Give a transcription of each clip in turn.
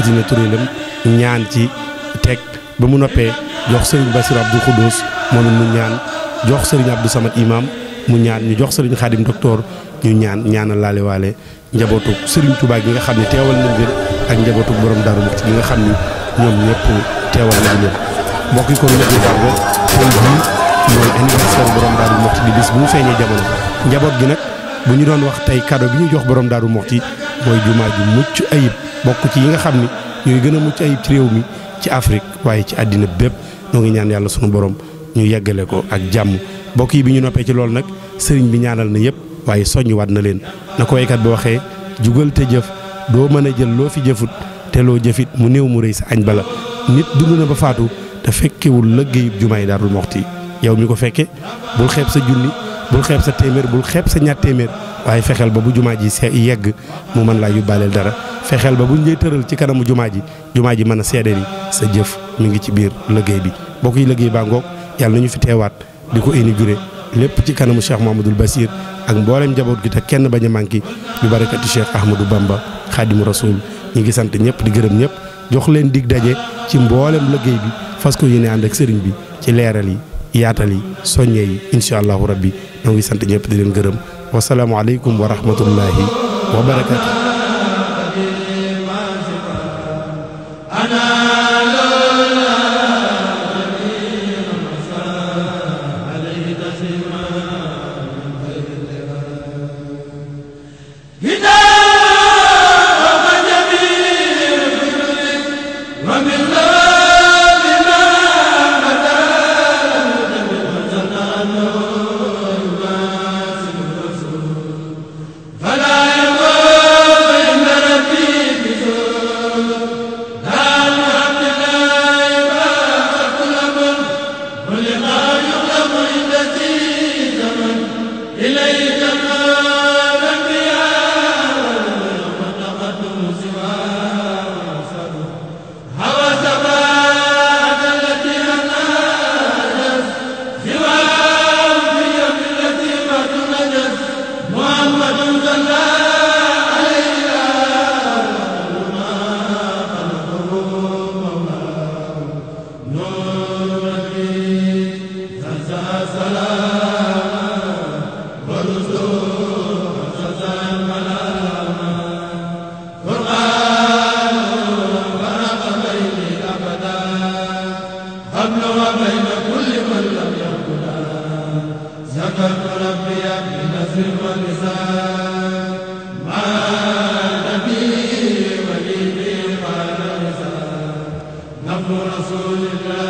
yëkkati na turéelam ñaan ci teg ba mu noppee jox sëriñ Basir Abdou Khoudous moom it mu ñaan jox sëriñ Abdou Samad Imam mu ñaan ñu jox sëriñ Xaadim Docteur ñu ñaan ñaanal laale waale njabootu sëriñ Touba gi nga xam ne teewal nañ leen ak njabootu borom Daaru Muxti gi nga xam ni ñoom ñëpp teewal nañ leen mbokk yi kon ñëpp ñu baax tey jii mooy anniversaire borom Daaru Muxti di bis bu mu feeñee jamono njaboot gi nag bu ñu doon wax tey cadeau bi ñu jox borom Daaru Muxti mooy jumaa ju mucc ayib bokk ci yi nga xam ni ñooy gën a mucc ayib ci réew mi ci Afrique waaye ci àddina bépp ñoo ngi ñaan yàlla sunu borom ñu yeggale ko ak jàmm mbokk yi bi ñu noppee ci loolu nag sëriñ bi ñaanal na yëpp waaye soññ waat na leen na ko waykat bi waxee jugal te jëf doo mën a jël loo fi jëfut te loo jëfit mu néew mu rëy sa añ bala nit dund na ba faatu te fekkewul lëggéeyub jumaay daarul moxti yow mi ko fekke bul xeeb sa junni bul xeeb sa téeméer bul xeeb sa ñaar téeméer waaye fexeel ba bu jumaa ji see yegg mu man laa yóbbaaleel dara fexeel ba buñ lay tëral ci kanamu jumaa ji jumaa ji mën a seede ni sa jëf mi ngi ci biir liggéey bi boo koy liggéey baa ngoog yàlla nañu fi teewaat di ko inauguré lépp ci kanamu Cheikh Mouhamadoul Bassir ak mboolem njaboot gi te kenn bañ a manqué bi barakati Cheikh Ahmadou Bamba xaadimu rasul ñi ngi sant ñëpp di gërëm ñëpp jox leen dig daje ci mboolem liggéey bi fas ko yéene ànd ak sëriñ bi ci leeral yi yaatal yi soññee yi incha allahu rabbi ñoo ngi sant ñëpp di leen gërëm wasalaamualeykum wa rahmatullahi wa barakaatu. قبل وبين كل من لم يقل ذكرت ربي بنثر ولسان ما نبي ولي قال نفر رسول الله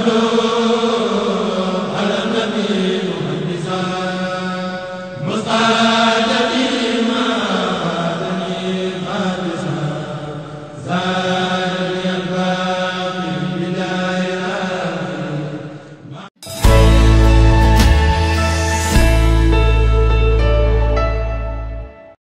sagal